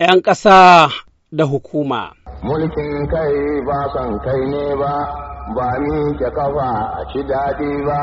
'yan ƙasa da hukuma. Mulkin kai ba son kai ne ba, ba ni ke kafa a ci daɗi ba,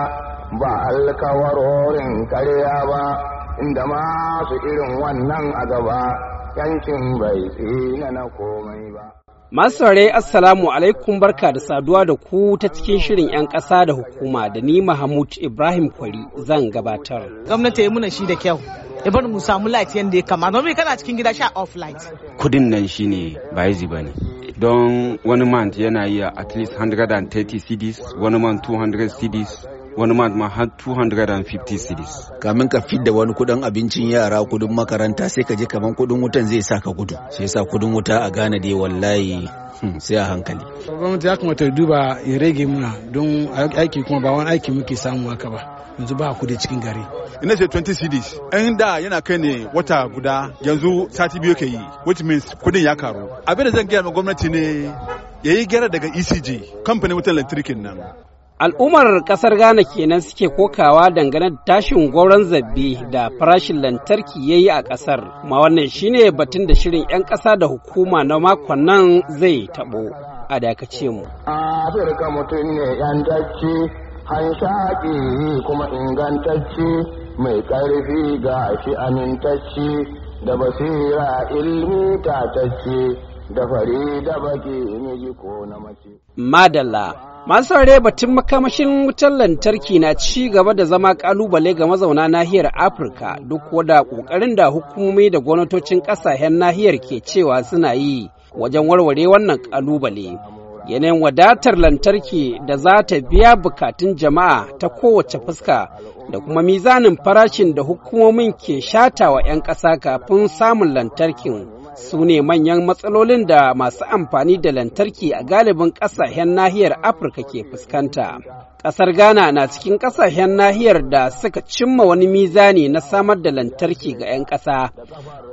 ba alkawarorin karya ba, inda masu irin wannan a gaba, yankin bai tsina na komai ba. Masu saurare Assalamu alaikum barka da saduwa da ku ta cikin shirin 'yan ƙasa da hukuma da ni Mahmud Ibrahim Kwari zan gabatar. Gwamnati ya muna shi da kyau. ya mu samu light yadda ya kama domin kana cikin gida sha off light kudin nan shine ba yaji bane don wani month yana iya at least 130 cds wani month 200 cds wani month ma har 250 cedis. Kamin ka fidda wani kudin abincin yara kudin makaranta sai ka je kaman kudin wutan zai sa ka gudu. sai yasa kudin wuta a Ghana dai wallahi hmm, sai a hankali. Gwamnati ya kamata duba ya rage muna don aiki kuma ba wani aiki muke samu haka ba. yanzu ba kudi cikin gari ina ce 20 cedis Ɗan da yana kai ne wata guda yanzu sati biyu ke yi which means kudin ya karu abin da zan gaya ma gwamnati ne ya yi gyara daga ECG kamfanin wutar lantarkin nan Al'ummar ƙasar Ghana kenan suke kokawa dangane da tashin gwauron zabbi da farashin lantarki ya yi a ƙasar, ma wannan shine batun da shirin 'yan kasa da hukuma na makon nan zai taɓo a dakace mu. a ne 'yan hanshaƙi kuma ingantacce mai ƙarfi ga shi amintacce da basira ilmi tatacce da fari da baki miji ko na mace. Madalla Masu saurare batun makamashin wutar lantarki na ci gaba da zama kalubale ga mazauna nahiyar Afirka duk wada ƙoƙarin da hukumomi da gwamnatocin ƙasashen nahiyar ke cewa suna yi wajen warware wannan kalubale. yanayin wadatar lantarki da za ta biya bukatun jama'a ta kowace fuska da kuma mizanin farashin da hukumomin ke shata wa 'yan ƙasa kafin samun lantarkin su ne manyan matsalolin da masu amfani da lantarki a galibin ƙasashen nahiyar afirka ke fuskanta ƙasar ghana na cikin ƙasashen nahiyar da suka cimma wani mizani na samar da lantarki ga 'yan ƙasa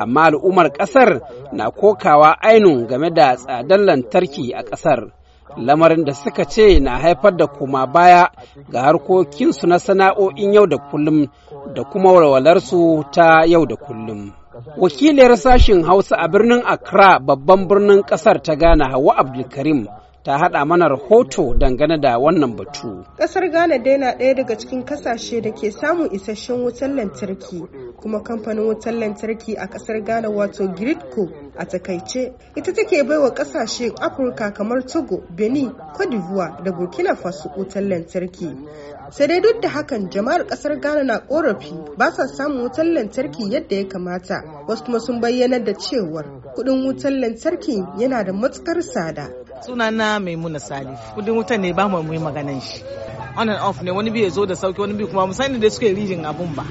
amma al'ummar ƙasar na kokawa ainun game da tsadar lantarki a ƙasar lamarin da suka ce na haifar da kuma baya ga harkokinsu na sana'o'in yau da kullum da kuma walwalarsu ta yau da kullum. Wakiliyar sashen Hausa a birnin Accra babban birnin ƙasar ta Ghana Hawa Abdulkarim ta haɗa mana rahoto dangane da wannan batu. Ƙasar Ghana dai na ɗaya daga cikin ƙasashe da ke samun isasshen wutar lantarki kuma kamfanin wutar lantarki a ƙasar Ghana wato Gridco a takaice ita take baiwa ƙasashe Afirka kamar Togo, Benin, Cote d'Ivoire da Burkina Faso wutar lantarki. Sai dai duk da hakan jama'ar ƙasar Ghana na ƙorafi ba sa samun wutar lantarki yadda ya kamata wasu kuma sun bayyana da cewar kuɗin wutar lantarki yana da matukar tsada. sunana maimuna salif kudin wutan ne ba mu maganan shi on and off ne wani bi ya zo da sauki wani bi kuma mu sani da suke rijin abun ba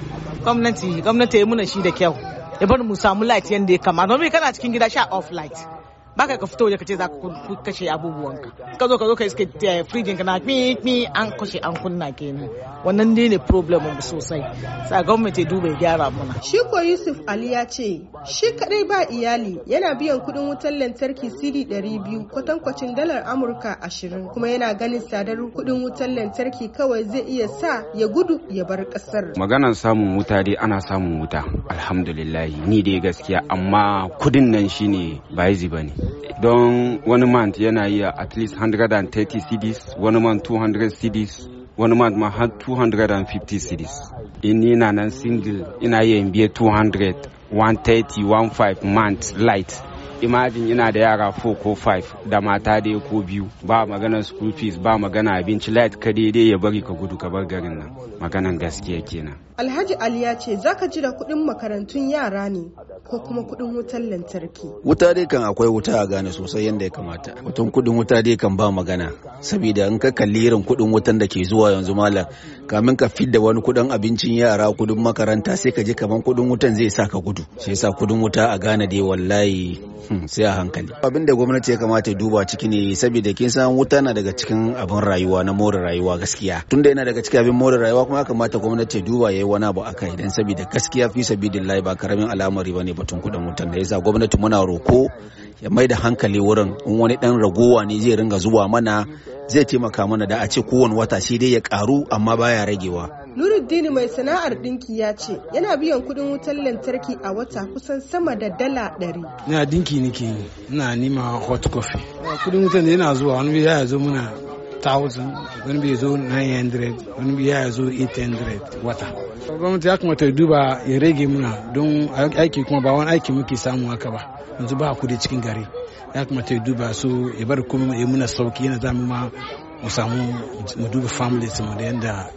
gwamnati gwamnati ya muna shi da kyau ya bar mu samu light yanda ya kamata don kana cikin gida sha off light baka ka fito ka ce za ka kashe abubuwanka ka zo ka zo ka iske eh, fridin ka na mi mi an kashe an kunna kenan wannan ne ne problem mu sosai sa gwamnati duba ya gyara muna shi ko Yusuf Ali ya ce shi kadai ba iyali yana biyan kudin wutar lantarki CD 200 kwatankwacin dalar Amurka 20 kuma yana ganin sadar kudin wutar lantarki kawai zai iya sa ya gudu ya bar kasar maganar samun wuta dai ana samun wuta alhamdulillah ni dai gaskiya amma kudin nan shine ba yi bane don wani month yana iya at least 130 cds wani month 200 cds wani month ma har 250 cds in ina nan single ina iya in biya 200 130 15 months light imagine ina da yara 4 ko 5 da mata daya ko biyu ba magana school fees ba magana abinci light ka daidai ya bari ka gudu ka bar garin nan maganan gaskiya kenan alhaji ali ya ce za ka ji da kudin makarantun yara ne ko kuma kuɗin wutar lantarki. Wuta dai kan akwai wuta a gane sosai yadda ya kamata. Mutum kuɗin wuta dai kan ba magana. Saboda in ka kalli irin kudin wutan da ke zuwa yanzu malam kamin ka fidda wani kudin abincin yara kudin makaranta sai ka je kaman kudin wutan zai sa ka gudu. Sai sa kuɗin wuta a gane dai wallahi hmm, sai a hankali. Abin da gwamnati ya kamata duba ciki ne saboda kin san wuta na daga cikin abin rayuwa na more rayuwa gaskiya. Tunda yana daga cikin abin more rayuwa kuma ya kamata gwamnati duba yayi wani abu akai dan saboda gaskiya fi lai ba karamin al'amari bane ne batun kuɗin wutar da yasa gwamnati muna roko ya mai da hankali wurin in wani ɗan ragowa ne zai ringa zuwa mana zai taimaka mana da a ce kowane wata shi dai ya ƙaru amma baya ragewa. Nuruddin mai sana'ar dinki ya ce yana biyan kudin wutar lantarki a wata kusan sama da dala ɗari. Ina dinki nake yi, ina nima hot coffee. Kudin wutar yana zuwa wani ya zo muna 1000, wani bai zo 900, wani ya zo 800 wata. gwamnati ya kamata ya duba ya rage muna don aiki kuma ba wani aiki muke samu haka ba yanzu ba kudi cikin gari ya kamata ya duba su ya bar kuma ya muna sauki yana zamu ma mu samu mu duba families mu da yanda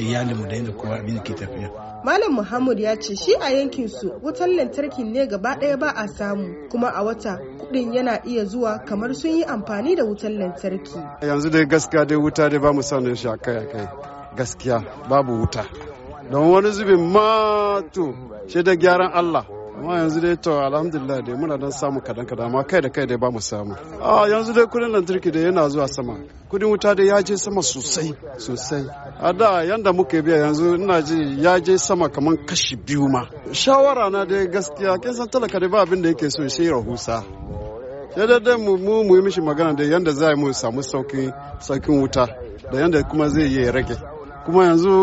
iyali mu da yanda kowa abin ke tafiya Malam Muhammad ya ce shi a yankin su wutar lantarki ne gaba ɗaya ba a samu kuma a wata kuɗin yana iya zuwa kamar sun yi amfani da wutar lantarki. Yanzu dai gaskiya dai wuta dai ba mu sanin shi akai akai gaskiya babu wuta. don wani zubin matu shi da gyaran Allah amma yanzu dai to alhamdulillah dai muna dan samu kadan kadan amma kai da kai dai ba mu samu a yanzu dai kudin lantarki da yana zuwa sama kudin wuta dai ya je sama sosai sosai a da yanda muke biya yanzu ina ji ya je sama kamar kashi biyu ma shawara na dai gaskiya kin san talaka dai ba abin da yake so shi rahusa ya daidai mu mu yi mishi magana da yanda za mu samu saukin wuta da yanda kuma zai yi rage kuma yanzu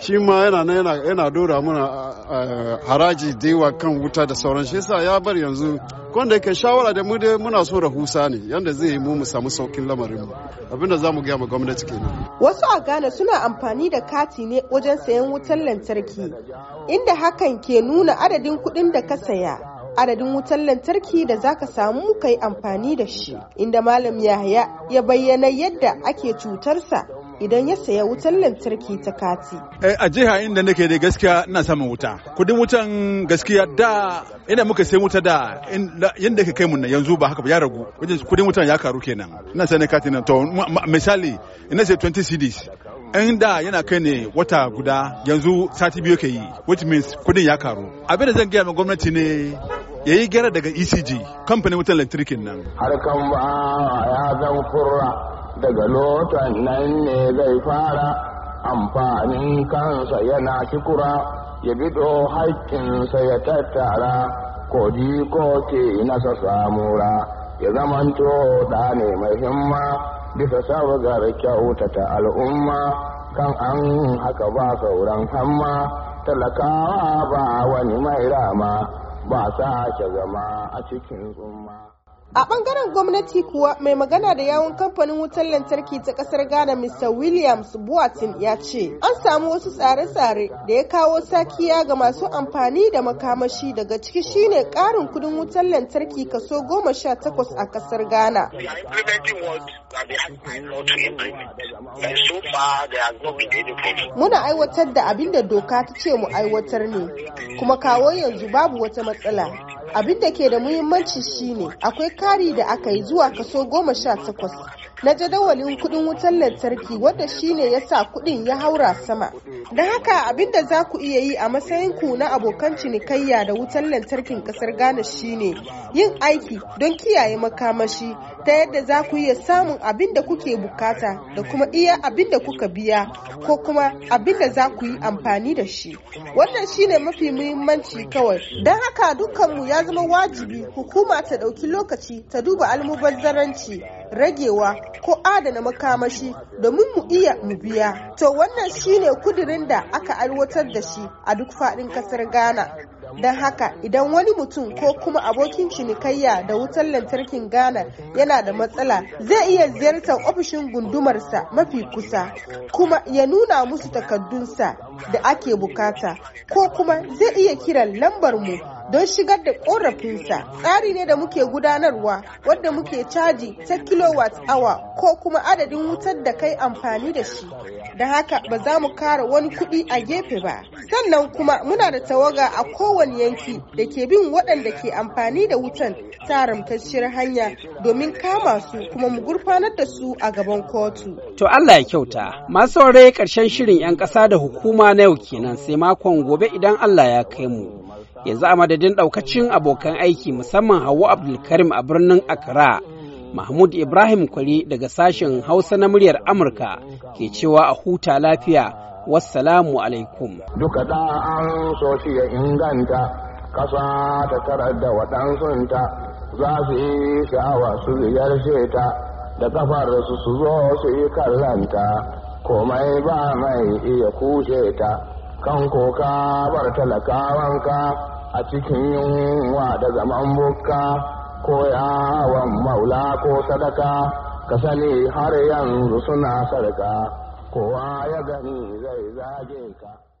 shi ma yana yana dora muna haraji da yawa kan wuta da sauran shi yasa ya bar yanzu kwanda yake shawara da mu dai muna so rahusa ne yanda zai yi mu mu samu saukin lamarin abinda za zamu gaya ma gwamnati kenan wasu a Ghana suna amfani da kati ne wajen sayan wutar lantarki inda hakan ke nuna adadin kuɗin da ka saya adadin wutar lantarki da zaka samu kai amfani da shi inda malam yahaya ya bayyana yadda ake cutarsa idan ya saya wutar lantarki ta kati. Eh, a jiha inda nake da gaskiya ina samun wuta kudin wutan gaskiya da inda muka sai wuta da yadda ka kai mun yanzu ba haka ba ya ragu kudin wutan ya karu kenan ina sai na kati na to misali ina sai 20 cds in da yana kai ne wata guda yanzu sati biyu ke yi which means kudin ya karu abin da zan gaya ma gwamnati ne ya yi gyara daga ecg kamfanin wutan lantarkin nan harkan ba ya zan kurra daga lotan nan ne zai fara amfanin kansa yana kikura ya bido haƙƙinsa ya tattara koji ko ke nasa samura ya zamanto da ne mai himma bisa sabgar kyautata al'umma kan an haka ba sauran hamma talakawa ba wani mai rama ba sa zama a cikin tsumma. A bangaren gwamnati kuwa mai magana da yawon kamfanin wutar lantarki ta kasar Ghana Mr. Williams Buatin ya ce, an samu wasu tsare-tsare da ya kawo sakiya ga masu amfani da makamashi daga ciki shine karin kudin wutar lantarki kaso goma sha takwas a kasar Ghana. Muna aiwatar da abin da doka ta ce mu aiwatar ne, kuma kawo yanzu babu wata matsala. abin da ke da muhimmanci shine akwai kari da aka yi zuwa kaso goma sha takwas na jadawalin kuɗin wutar lantarki wadda shine ya sa kuɗin ya haura sama. Don haka abin da za ku iya yi a matsayin ku na abokan cinikayya da wutar lantarkin ƙasar Ghana shine yin aiki don kiyaye makamashi ta yadda za ku iya samun abin da kuke bukata da kuma iya abin da kuka biya ko kuma abin da za ku yi amfani da shi. Wannan shine mafi muhimmanci kawai. Don haka dukkanmu ya zama wajibi hukuma ta ɗauki lokaci ta duba almubazzaranci ragewa ko adana makamashi domin mu iya mu biya to wannan shine kudirin da aka aiwatar da shi a duk faɗin ƙasar ghana don haka idan wani mutum ko kuma abokin cinikayya da wutar lantarkin ghana yana da matsala zai iya ziyartar ofishin gundumarsa mafi kusa kuma ya nuna musu takaddunsa da ake bukata ko kuma zai iya kiran lambar mu don shigar da korafinsa tsari ne da muke gudanarwa wadda muke caji ta kilowatt awa ko kuma adadin wutar da kai amfani da shi da haka ba za mu kara wani kuɗi a gefe ba sannan kuma muna da tawaga a kowane yanki da ke bin waɗanda ke amfani da wutan ta ramtacciyar hanya domin kama su kuma mu gurfanar da su a gaban kotu to Allah ya kyauta masu saurayi ƙarshen shirin 'yan ƙasa da hukuma na yau kenan sai makon gobe idan Allah ya kai mu yanzu a madadin ɗaukacin abokan aiki musamman Hauwa Abdulkarim a birnin Accra. Mahmud Ibrahim Kwari daga sashen Hausa na muryar Amurka ke cewa a huta lafiya wassalamu alaikum. Duka da an so shi ya inganta kasa ta tarar da waɗansunta za su yi sha'awa su ziyarce ta da kafar su su zo su yi kallanta komai ba mai iya kushe ta kan koka bar talakawanka. a cikin yunwa da zaman bukka ko yawon maula ko sadaka ka sani har yanzu suna sarka kowa ya gani zai zage ka